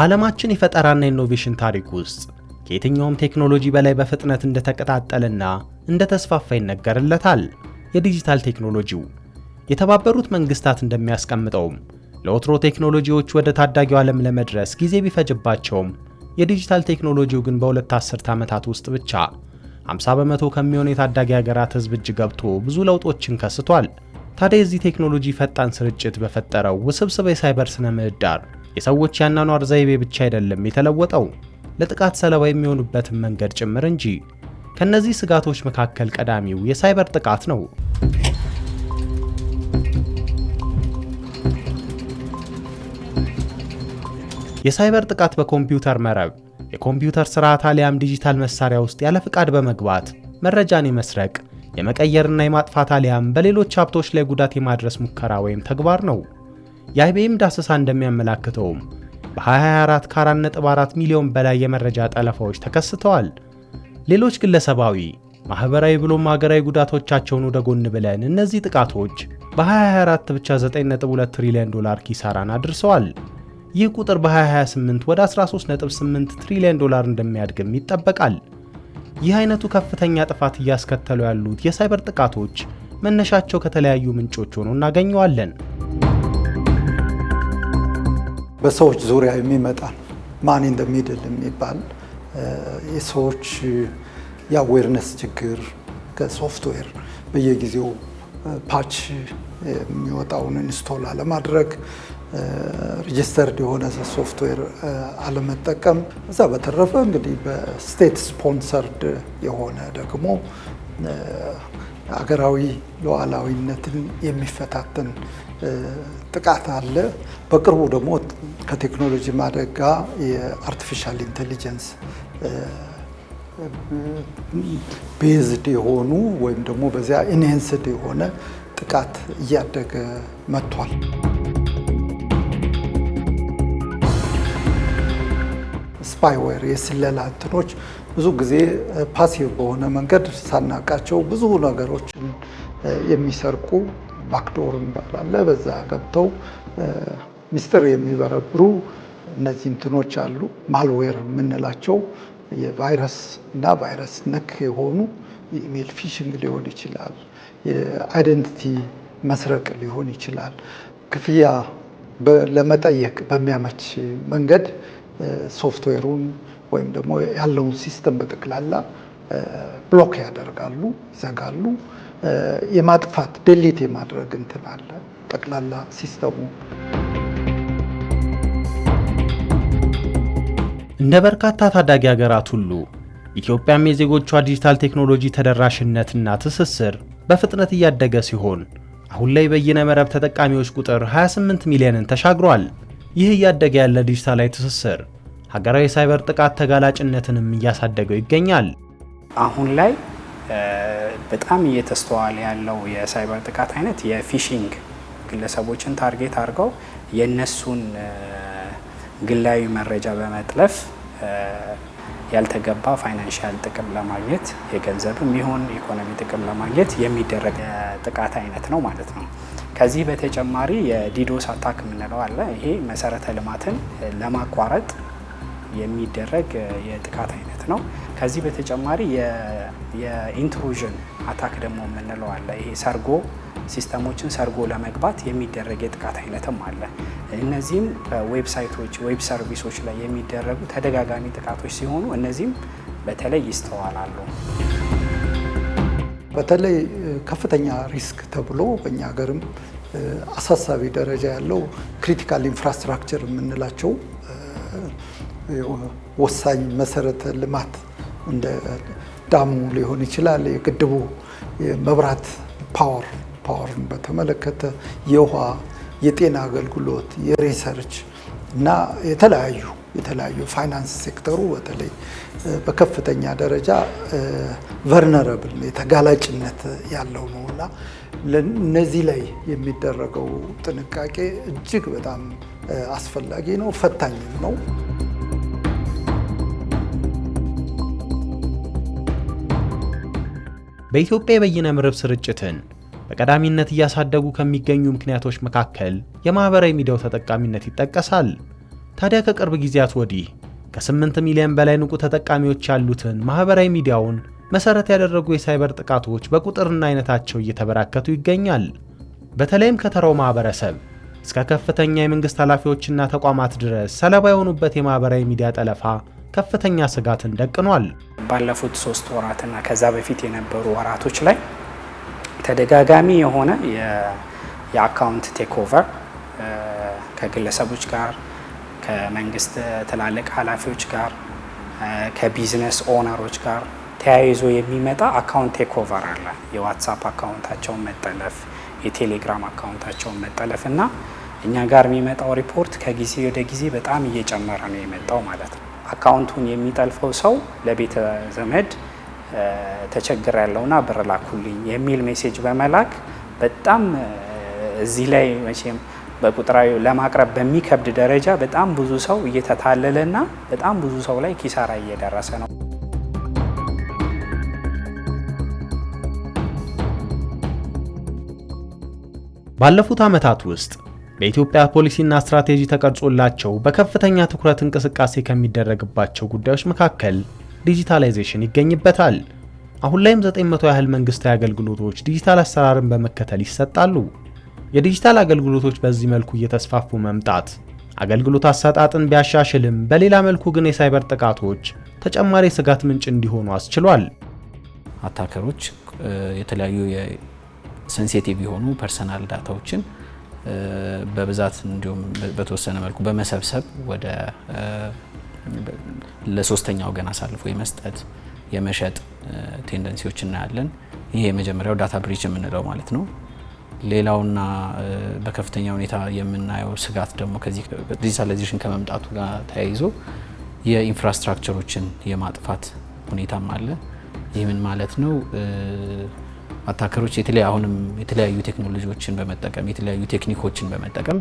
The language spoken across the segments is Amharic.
በዓለማችን የፈጠራና ኢኖቬሽን ታሪክ ውስጥ ከየትኛውም ቴክኖሎጂ በላይ በፍጥነት እንደተቀጣጠልና እንደተስፋፋ ይነገርለታል። የዲጂታል ቴክኖሎጂው የተባበሩት መንግስታት እንደሚያስቀምጠውም ለወትሮ ቴክኖሎጂዎች ወደ ታዳጊው ዓለም ለመድረስ ጊዜ ቢፈጅባቸውም የዲጂታል ቴክኖሎጂው ግን በሁለት አስርት ዓመታት ውስጥ ብቻ 50 በመቶ ከሚሆኑ የታዳጊ ሀገራት ህዝብ እጅ ገብቶ ብዙ ለውጦችን ከስቷል። ታዲያ የዚህ ቴክኖሎጂ ፈጣን ስርጭት በፈጠረው ውስብስብ የሳይበር ስነ ምህዳር የሰዎች ያኗኗር ዘይቤ ብቻ አይደለም የተለወጠው ለጥቃት ሰለባ የሚሆኑበትን መንገድ ጭምር እንጂ። ከነዚህ ስጋቶች መካከል ቀዳሚው የሳይበር ጥቃት ነው። የሳይበር ጥቃት በኮምፒውተር መረብ፣ የኮምፒውተር ስርዓት አሊያም ዲጂታል መሳሪያ ውስጥ ያለ ፍቃድ በመግባት መረጃን የመስረቅ የመቀየርና የማጥፋት አሊያም በሌሎች ሀብቶች ላይ ጉዳት የማድረስ ሙከራ ወይም ተግባር ነው። የአይቢኤም ዳሰሳ እንደሚያመላክተውም በ224 ከ4.4 ሚሊዮን በላይ የመረጃ ጠለፋዎች ተከስተዋል። ሌሎች ግለሰባዊ ማህበራዊ ብሎም ሀገራዊ ጉዳቶቻቸውን ወደ ጎን ብለን እነዚህ ጥቃቶች በ2024 ብቻ 9.2 ትሪሊዮን ዶላር ኪሳራን አድርሰዋል። ይህ ቁጥር በ2028 ወደ 13.8 ትሪሊዮን ዶላር እንደሚያድግም ይጠበቃል። ይህ አይነቱ ከፍተኛ ጥፋት እያስከተሉ ያሉት የሳይበር ጥቃቶች መነሻቸው ከተለያዩ ምንጮች ሆኖ እናገኘዋለን። በሰዎች ዙሪያ የሚመጣ ማን ኢን ዘ ሚድል የሚባል የሰዎች የአዌርነስ ችግር ከሶፍትዌር በየጊዜው ፓች የሚወጣውን ኢንስቶል አለማድረግ፣ ሬጅስተርድ የሆነ ሶፍትዌር አለመጠቀም። እዛ በተረፈ እንግዲህ በስቴት ስፖንሰርድ የሆነ ደግሞ አገራዊ ሉዓላዊነትን የሚፈታተን ጥቃት አለ። በቅርቡ ደግሞ ከቴክኖሎጂ ማደግ ጋር የአርቲፊሻል ኢንቴሊጀንስ ቤዝድ የሆኑ ወይም ደግሞ በዚያ ኢንሄንስድ የሆነ ጥቃት እያደገ መጥቷል። ስፓይዌር የስለላ እንትኖች ብዙ ጊዜ ፓሲቭ በሆነ መንገድ ሳናቃቸው ብዙ ነገሮችን የሚሰርቁ ባክዶር እንባላለ በዛ ገብተው ሚስጥር የሚበረብሩ እነዚህ እንትኖች አሉ። ማልዌር የምንላቸው የቫይረስ እና ቫይረስ ነክ የሆኑ የኢሜል ፊሽንግ ሊሆን ይችላል። የአይደንቲቲ መስረቅ ሊሆን ይችላል። ክፍያ ለመጠየቅ በሚያመች መንገድ ሶፍትዌሩን ወይም ደግሞ ያለውን ሲስተም በጠቅላላ ብሎክ ያደርጋሉ፣ ይዘጋሉ። የማጥፋት ድሊት የማድረግ እንትን አለ ጠቅላላ ሲስተሙ። እንደ በርካታ ታዳጊ ሀገራት ሁሉ ኢትዮጵያም የዜጎቿ ዲጂታል ቴክኖሎጂ ተደራሽነትና ትስስር በፍጥነት እያደገ ሲሆን አሁን ላይ በይነ መረብ ተጠቃሚዎች ቁጥር 28 ሚሊዮንን ተሻግሯል። ይህ እያደገ ያለ ዲጂታላዊ ትስስር ሀገራዊ ሳይበር ጥቃት ተጋላጭነትንም እያሳደገው ይገኛል። አሁን ላይ በጣም እየተስተዋለ ያለው የሳይበር ጥቃት አይነት የፊሽንግ ግለሰቦችን ታርጌት አድርገው የእነሱን ግላዊ መረጃ በመጥለፍ ያልተገባ ፋይናንሽል ጥቅም ለማግኘት የገንዘብም ይሁን ኢኮኖሚ ጥቅም ለማግኘት የሚደረግ ጥቃት አይነት ነው ማለት ነው። ከዚህ በተጨማሪ የዲዶስ አታክ የምንለው አለ። ይሄ መሰረተ ልማትን ለማቋረጥ የሚደረግ የጥቃት አይነት ነው። ከዚህ በተጨማሪ የኢንትሩዥን አታክ ደግሞ የምንለው አለ። ይሄ ሰርጎ ሲስተሞችን ሰርጎ ለመግባት የሚደረግ የጥቃት አይነትም አለ። እነዚህም ዌብሳይቶች፣ ዌብ ሰርቪሶች ላይ የሚደረጉ ተደጋጋሚ ጥቃቶች ሲሆኑ እነዚህም በተለይ ይስተዋላሉ። በተለይ ከፍተኛ ሪስክ ተብሎ በእኛ ሀገርም አሳሳቢ ደረጃ ያለው ክሪቲካል ኢንፍራስትራክቸር የምንላቸው ወሳኝ መሰረተ ልማት እንደ ዳሙ ሊሆን ይችላል። የግድቡ የመብራት ፓወር ፓወርን በተመለከተ የውሃ፣ የጤና አገልግሎት፣ የሪሰርች እና የተለያዩ የተለያዩ ፋይናንስ ሴክተሩ በተለይ በከፍተኛ ደረጃ ቨርነረብል የተጋላጭነት ያለው ነው እና እነዚህ ላይ የሚደረገው ጥንቃቄ እጅግ በጣም አስፈላጊ ነው፣ ፈታኝም ነው። በኢትዮጵያ የበይነ መረብ ስርጭትን በቀዳሚነት እያሳደጉ ከሚገኙ ምክንያቶች መካከል የማኅበራዊ ሚዲያው ተጠቃሚነት ይጠቀሳል። ታዲያ ከቅርብ ጊዜያት ወዲህ ከ8 ሚሊዮን በላይ ንቁ ተጠቃሚዎች ያሉትን ማኅበራዊ ሚዲያውን መሠረት ያደረጉ የሳይበር ጥቃቶች በቁጥርና አይነታቸው እየተበራከቱ ይገኛል። በተለይም ከተራው ማኅበረሰብ እስከ ከፍተኛ የመንግሥት ኃላፊዎችና ተቋማት ድረስ ሰለባ የሆኑበት የማኅበራዊ ሚዲያ ጠለፋ ከፍተኛ ስጋትን ደቅኗል። ባለፉት ሶስት ወራትና ከዛ በፊት የነበሩ ወራቶች ላይ ተደጋጋሚ የሆነ የአካውንት ቴክኦቨር ከግለሰቦች ጋር፣ ከመንግስት ትላልቅ ኃላፊዎች ጋር፣ ከቢዝነስ ኦነሮች ጋር ተያይዞ የሚመጣ አካውንት ቴክኦቨር አለ። የዋትሳፕ አካውንታቸውን መጠለፍ፣ የቴሌግራም አካውንታቸውን መጠለፍ እና እኛ ጋር የሚመጣው ሪፖርት ከጊዜ ወደ ጊዜ በጣም እየጨመረ ነው የመጣው ማለት ነው። አካውንቱን የሚጠልፈው ሰው ለቤተ ዘመድ ተቸግር ያለውና ብር ላኩልኝ የሚል ሜሴጅ በመላክ በጣም እዚህ ላይ መቼም በቁጥራዊ ለማቅረብ በሚከብድ ደረጃ በጣም ብዙ ሰው እየተታለለና በጣም ብዙ ሰው ላይ ኪሳራ እየደረሰ ነው። ባለፉት ዓመታት ውስጥ በኢትዮጵያ ፖሊሲና ስትራቴጂ ተቀርጾላቸው በከፍተኛ ትኩረት እንቅስቃሴ ከሚደረግባቸው ጉዳዮች መካከል ዲጂታላይዜሽን ይገኝበታል። አሁን ላይም 900 ያህል መንግስታዊ አገልግሎቶች ዲጂታል አሰራርን በመከተል ይሰጣሉ። የዲጂታል አገልግሎቶች በዚህ መልኩ እየተስፋፉ መምጣት አገልግሎት አሰጣጥን ቢያሻሽልም በሌላ መልኩ ግን የሳይበር ጥቃቶች ተጨማሪ ስጋት ምንጭ እንዲሆኑ አስችሏል። አታከሮች የተለያዩ የሴንሲቲቭ የሆኑ ፐርሰናል ዳታዎችን በብዛት እንዲሁም በተወሰነ መልኩ በመሰብሰብ ወደ ለሶስተኛ ወገን አሳልፎ የመስጠት የመሸጥ ቴንደንሲዎች እናያለን። ይህ የመጀመሪያው ዳታ ብሪጅ የምንለው ማለት ነው። ሌላውና በከፍተኛ ሁኔታ የምናየው ስጋት ደግሞ ከዚህ ዲጂታላይዜሽን ከመምጣቱ ጋር ተያይዞ የኢንፍራስትራክቸሮችን የማጥፋት ሁኔታም አለ። ይህ ምን ማለት ነው? አታከሮች የተለያዩ አሁንም የተለያዩ ቴክኖሎጂዎችን በመጠቀም የተለያዩ ቴክኒኮችን በመጠቀም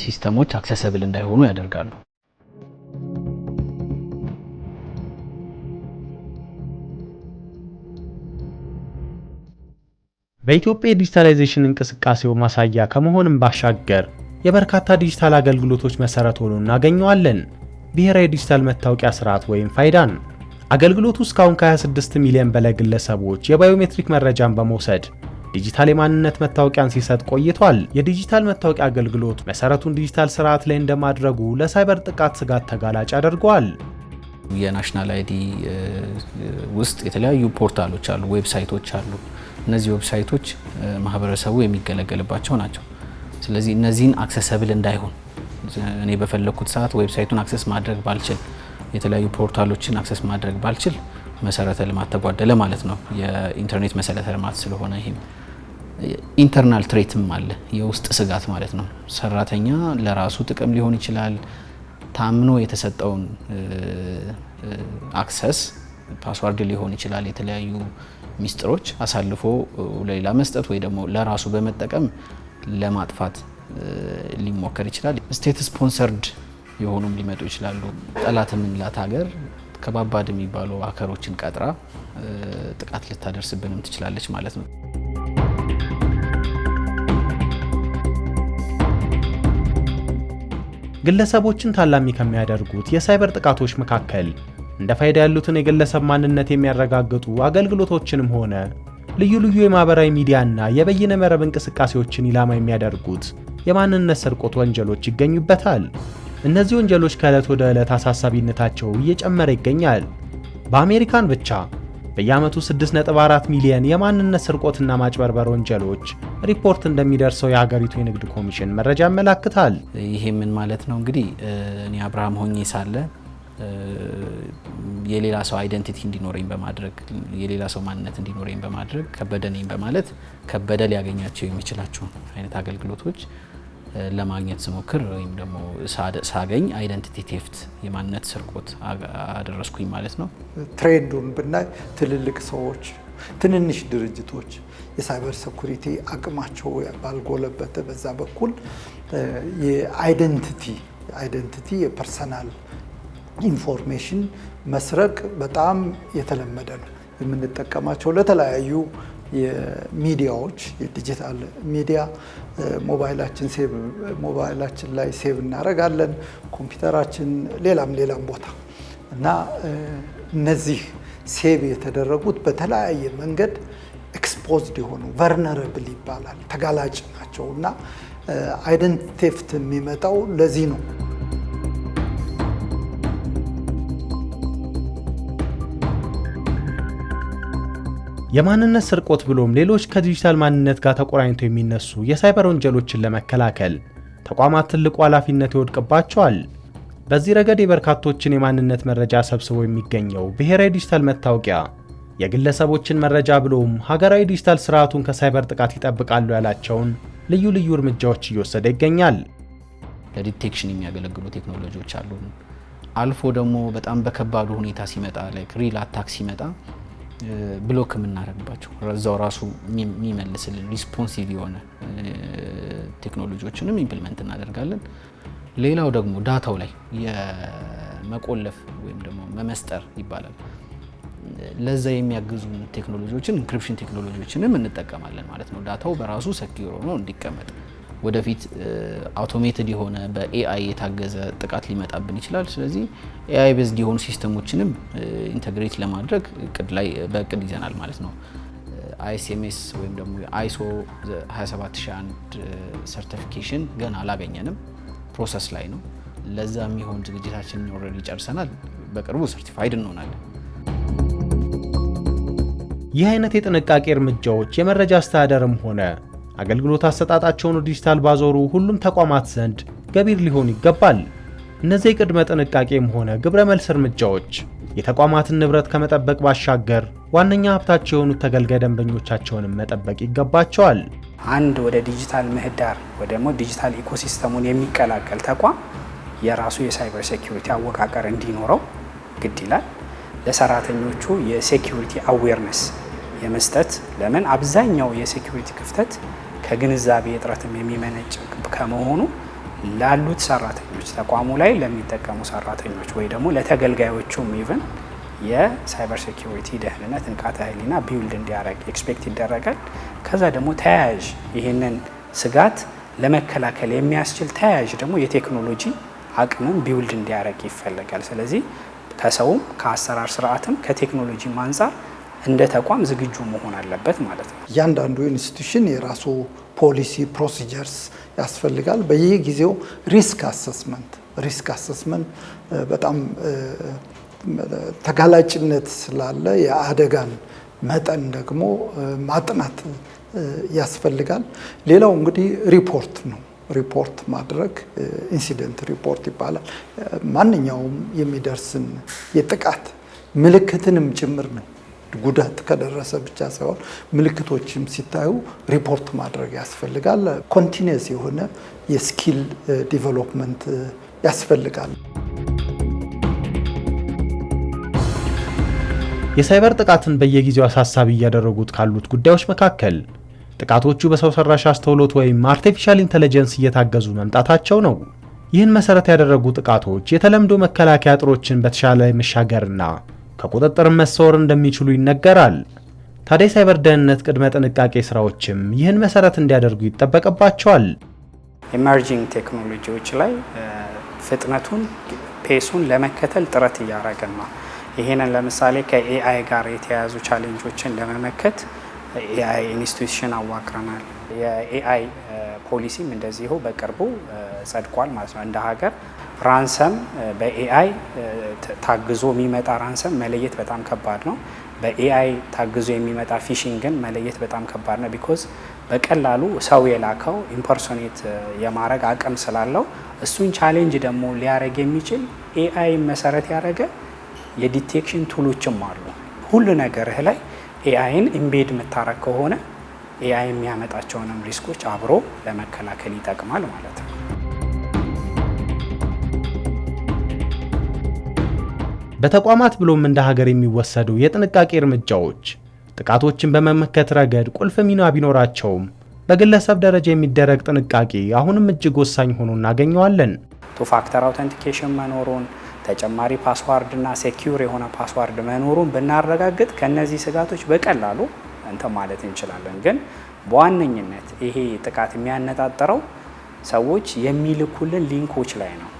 ሲስተሞች አክሰሰብል እንዳይሆኑ ያደርጋሉ። በኢትዮጵያ የዲጂታላይዜሽን እንቅስቃሴው ማሳያ ከመሆንም ባሻገር የበርካታ ዲጂታል አገልግሎቶች መሰረት ሆኖ እናገኘዋለን። ብሔራዊ ዲጂታል መታወቂያ ስርዓት ወይም ፋይዳን አገልግሎቱ እስካሁን ከ26 ሚሊዮን በላይ ግለሰቦች የባዮሜትሪክ መረጃን በመውሰድ ዲጂታል የማንነት መታወቂያን ሲሰጥ ቆይቷል። የዲጂታል መታወቂያ አገልግሎት መሰረቱን ዲጂታል ስርዓት ላይ እንደማድረጉ ለሳይበር ጥቃት ስጋት ተጋላጭ አድርጓል። የናሽናል አይዲ ውስጥ የተለያዩ ፖርታሎች አሉ፣ ዌብሳይቶች አሉ። እነዚህ ዌብሳይቶች ማህበረሰቡ የሚገለገልባቸው ናቸው። ስለዚህ እነዚህን አክሰሰብል እንዳይሆን እኔ በፈለግኩት ሰዓት ዌብሳይቱን አክሰስ ማድረግ ባልችል የተለያዩ ፖርታሎችን አክሰስ ማድረግ ባልችል መሰረተ ልማት ተጓደለ ማለት ነው። የኢንተርኔት መሰረተ ልማት ስለሆነ ይህም ኢንተርናል ትሬትም አለ፣ የውስጥ ስጋት ማለት ነው። ሰራተኛ ለራሱ ጥቅም ሊሆን ይችላል ታምኖ የተሰጠውን አክሰስ ፓስዋርድ ሊሆን ይችላል የተለያዩ ሚስጥሮች አሳልፎ ለሌላ መስጠት ወይ ደግሞ ለራሱ በመጠቀም ለማጥፋት ሊሞከር ይችላል። ስቴት ስፖንሰርድ የሆኑም ሊመጡ ይችላሉ። ጠላት የምንላት ሀገር ከባባድ የሚባሉ አከሮችን ቀጥራ ጥቃት ልታደርስብንም ትችላለች ማለት ነው። ግለሰቦችን ታላሚ ከሚያደርጉት የሳይበር ጥቃቶች መካከል እንደ ፋይዳ ያሉትን የግለሰብ ማንነት የሚያረጋግጡ አገልግሎቶችንም ሆነ ልዩ ልዩ የማህበራዊ ሚዲያና የበይነ መረብ እንቅስቃሴዎችን ኢላማ የሚያደርጉት የማንነት ስርቆት ወንጀሎች ይገኙበታል። እነዚህ ወንጀሎች ከዕለት ወደ ዕለት አሳሳቢነታቸው እየጨመረ ይገኛል። በአሜሪካን ብቻ በየዓመቱ 6.4 ሚሊዮን የማንነት ስርቆትና ማጭበርበር ወንጀሎች ሪፖርት እንደሚደርሰው የሀገሪቱ የንግድ ኮሚሽን መረጃ ያመላክታል። ይሄ ምን ማለት ነው? እንግዲህ እኔ አብርሃም ሆኜ ሳለ የሌላ ሰው አይደንቲቲ እንዲኖረኝ በማድረግ የሌላ ሰው ማንነት እንዲኖረኝ በማድረግ ከበደ ነኝ በማለት ከበደ ሊያገኛቸው የሚችላቸውን አይነት አገልግሎቶች ለማግኘት ስሞክር ወይም ደግሞ ሳገኝ አይደንቲቲ ቴፍት የማንነት ስርቆት አደረስኩኝ ማለት ነው። ትሬንዱን ብናይ ትልልቅ ሰዎች፣ ትንንሽ ድርጅቶች የሳይበር ሴኩሪቲ አቅማቸው ባልጎለበተ በዛ በኩል የአይደንቲቲ አይደንቲቲ የፐርሰናል ኢንፎርሜሽን መስረቅ በጣም የተለመደ ነው። የምንጠቀማቸው ለተለያዩ የሚዲያዎች የዲጂታል ሚዲያ ሞባይላችን ሴቭ ሞባይላችን ላይ ሴቭ እናደርጋለን፣ ኮምፒውተራችን፣ ሌላም ሌላም ቦታ እና እነዚህ ሴቭ የተደረጉት በተለያየ መንገድ ኤክስፖዝድ የሆኑ ቨርነረብል ይባላል ተጋላጭ ናቸው እና አይደንቲቲ ቴፍት የሚመጣው ለዚህ ነው። የማንነት ስርቆት ብሎም ሌሎች ከዲጂታል ማንነት ጋር ተቆራኝተው የሚነሱ የሳይበር ወንጀሎችን ለመከላከል ተቋማት ትልቁ ኃላፊነት ይወድቅባቸዋል። በዚህ ረገድ የበርካቶችን የማንነት መረጃ ሰብስቦ የሚገኘው ብሔራዊ ዲጂታል መታወቂያ የግለሰቦችን መረጃ ብሎም ሀገራዊ ዲጂታል ስርዓቱን ከሳይበር ጥቃት ይጠብቃሉ ያላቸውን ልዩ ልዩ እርምጃዎች እየወሰደ ይገኛል። ለዲቴክሽን የሚያገለግሉ ቴክኖሎጂዎች አሉ። አልፎ ደግሞ በጣም በከባዱ ሁኔታ ሲመጣ ላይክ ሪል አታክ ሲመጣ ብሎክ የምናደርግባቸው እዛው ራሱ የሚመልስልን ሪስፖንሲቭ የሆነ ቴክኖሎጂዎችንም ኢምፕሊመንት እናደርጋለን። ሌላው ደግሞ ዳታው ላይ የመቆለፍ ወይም ደግሞ መመስጠር ይባላል። ለዛ የሚያግዙ ቴክኖሎጂዎችን ኢንክሪፕሽን ቴክኖሎጂዎችንም እንጠቀማለን ማለት ነው። ዳታው በራሱ ሰኪር ሆኖ እንዲቀመጥ ወደፊት አውቶሜትድ የሆነ በኤአይ የታገዘ ጥቃት ሊመጣብን ይችላል። ስለዚህ ኤአይ ቤዝድ የሆኑ ሲስተሞችንም ኢንተግሬት ለማድረግ እቅድ ላይ በእቅድ ይዘናል ማለት ነው። አይኤስኤምኤስ ወይም ደግሞ አይሶ 27001 ሰርቲፊኬሽን ገና አላገኘንም፣ ፕሮሰስ ላይ ነው። ለዛ የሚሆን ዝግጅታችንን ኦልሬዲ ጨርሰናል። በቅርቡ ሰርቲፋይድ እንሆናለን። ይህ አይነት የጥንቃቄ እርምጃዎች የመረጃ አስተዳደርም ሆነ አገልግሎት አሰጣጣቸውን ዲጂታል ባዞሩ ሁሉም ተቋማት ዘንድ ገቢር ሊሆን ይገባል። እነዚህ የቅድመ ጥንቃቄም ሆነ ግብረ መልስ እርምጃዎች የተቋማትን ንብረት ከመጠበቅ ባሻገር ዋነኛ ሀብታቸው የሆኑት ተገልጋይ ደንበኞቻቸውንም መጠበቅ ይገባቸዋል። አንድ ወደ ዲጂታል ምህዳር ወይ ደግሞ ዲጂታል ኢኮሲስተሙን የሚቀላቀል ተቋም የራሱ የሳይበር ሴኩሪቲ አወቃቀር እንዲኖረው ግድ ይላል። ለሰራተኞቹ የሴኪሪቲ አዌርነስ የመስጠት ለምን አብዛኛው የሴኩሪቲ ክፍተት ከግንዛቤ እጥረትም የሚመነጭ ከመሆኑ ላሉት ሰራተኞች ተቋሙ ላይ ለሚጠቀሙ ሰራተኞች ወይ ደግሞ ለተገልጋዮቹም ኢቨን የሳይበር ሴኪሪቲ ደህንነት ንቃተ ህሊና ቢውልድ እንዲያደርግ ኤክስፔክት ይደረጋል። ከዛ ደግሞ ተያያዥ ይህንን ስጋት ለመከላከል የሚያስችል ተያያዥ ደግሞ የቴክኖሎጂ አቅምም ቢውልድ እንዲያደርግ ይፈለጋል። ስለዚህ ከሰውም ከአሰራር ስርዓትም ከቴክኖሎጂም አንጻር እንደ ተቋም ዝግጁ መሆን አለበት ማለት ነው። እያንዳንዱ ኢንስቲቱሽን የራሱ ፖሊሲ ፕሮሲጀርስ ያስፈልጋል። በየጊዜው ሪስክ አሰስመንት ሪስክ አሰስመንት በጣም ተጋላጭነት ስላለ የአደጋን መጠን ደግሞ ማጥናት ያስፈልጋል። ሌላው እንግዲህ ሪፖርት ነው። ሪፖርት ማድረግ ኢንሲደንት ሪፖርት ይባላል። ማንኛውም የሚደርስን የጥቃት ምልክትንም ጭምር ነው ጉዳት ከደረሰ ብቻ ሳይሆን ምልክቶችም ሲታዩ ሪፖርት ማድረግ ያስፈልጋል። ኮንቲኒየስ የሆነ የስኪል ዲቨሎፕመንት ያስፈልጋል። የሳይበር ጥቃትን በየጊዜው አሳሳቢ እያደረጉት ካሉት ጉዳዮች መካከል ጥቃቶቹ በሰው ሰራሽ አስተውሎት ወይም አርቲፊሻል ኢንተለጀንስ እየታገዙ መምጣታቸው ነው። ይህን መሰረት ያደረጉ ጥቃቶች የተለምዶ መከላከያ አጥሮችን በተሻለ መሻገርና ከቁጥጥር መሰወር እንደሚችሉ ይነገራል። ታዲያ የሳይበር ደህንነት ቅድመ ጥንቃቄ ስራዎችም ይህን መሰረት እንዲያደርጉ ይጠበቅባቸዋል። ኢመርጂንግ ቴክኖሎጂዎች ላይ ፍጥነቱን ፔሱን ለመከተል ጥረት እያደረግን ነው። ይህንን ለምሳሌ ከኤአይ ጋር የተያያዙ ቻሌንጆችን ለመመከት ኤአይ ኢንስቲቱሽን አዋቅረናል። የኤአይ ፖሊሲም እንደዚሁ በቅርቡ ጸድቋል ማለት ነው እንደ ሀገር ራንሰም በኤአይ ታግዞ የሚመጣ ራንሰም መለየት በጣም ከባድ ነው። በኤአይ ታግዞ የሚመጣ ፊሽንግን መለየት በጣም ከባድ ነው። ቢኮዝ በቀላሉ ሰው የላከው ኢምፐርሶኔት የማድረግ አቅም ስላለው እሱን ቻሌንጅ ደግሞ ሊያደረግ የሚችል ኤአይ መሰረት ያደረገ የዲቴክሽን ቱሎችም አሉ። ሁሉ ነገርህ ላይ ኤአይን ኢምቤድ የምታረግ ከሆነ ኤአይ የሚያመጣቸውንም ሪስኮች አብሮ ለመከላከል ይጠቅማል ማለት ነው። በተቋማት ብሎም እንደ ሀገር የሚወሰዱ የጥንቃቄ እርምጃዎች ጥቃቶችን በመመከት ረገድ ቁልፍ ሚና ቢኖራቸውም በግለሰብ ደረጃ የሚደረግ ጥንቃቄ አሁንም እጅግ ወሳኝ ሆኖ እናገኘዋለን። ቱ ፋክተር አውተንቲኬሽን መኖሩን ተጨማሪ ፓስዋርድ እና ሴኪውር የሆነ ፓስዋርድ መኖሩን ብናረጋግጥ ከእነዚህ ስጋቶች በቀላሉ እንተ ማለት እንችላለን። ግን በዋነኝነት ይሄ ጥቃት የሚያነጣጠረው ሰዎች የሚልኩልን ሊንኮች ላይ ነው።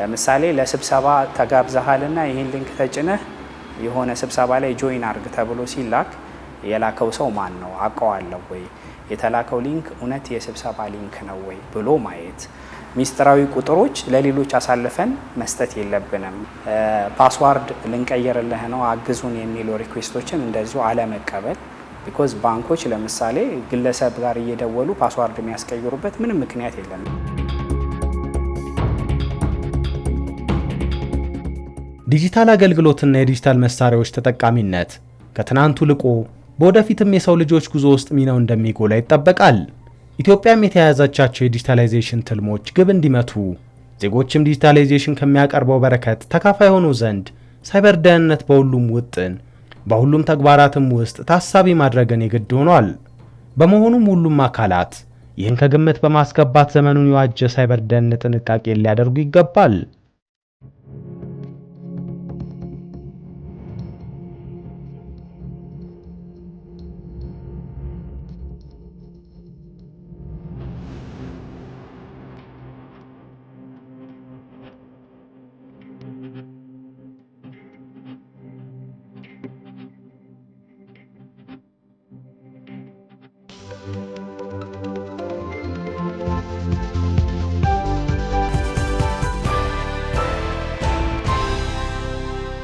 ለምሳሌ ለስብሰባ ተጋብዘሃልና ይህን ሊንክ ተጭነህ የሆነ ስብሰባ ላይ ጆይን አርግ ተብሎ ሲላክ የላከው ሰው ማን ነው አውቀዋለሁ ወይ የተላከው ሊንክ እውነት የስብሰባ ሊንክ ነው ወይ ብሎ ማየት። ሚስጥራዊ ቁጥሮች ለሌሎች አሳልፈን መስጠት የለብንም። ፓስዋርድ ልንቀይርልህ ነው አግዙን የሚሉ ሪኩዌስቶችን እንደዚሁ አለመቀበል። ቢኮዝ ባንኮች ለምሳሌ ግለሰብ ጋር እየደወሉ ፓስዋርድ የሚያስቀይሩበት ምንም ምክንያት የለም። ዲጂታል አገልግሎትና የዲጂታል መሳሪያዎች ተጠቃሚነት ከትናንቱ ልቆ በወደፊትም የሰው ልጆች ጉዞ ውስጥ ሚናው እንደሚጎላ ይጠበቃል። ኢትዮጵያም የተያያዛቻቸው የዲጂታላይዜሽን ትልሞች ግብ እንዲመቱ ዜጎችም ዲጂታላይዜሽን ከሚያቀርበው በረከት ተካፋይ የሆኑ ዘንድ ሳይበር ደህንነት በሁሉም ውጥን በሁሉም ተግባራትም ውስጥ ታሳቢ ማድረግን የግድ ሆኗል። በመሆኑም ሁሉም አካላት ይህን ከግምት በማስገባት ዘመኑን የዋጀ ሳይበር ደህንነት ጥንቃቄ ሊያደርጉ ይገባል።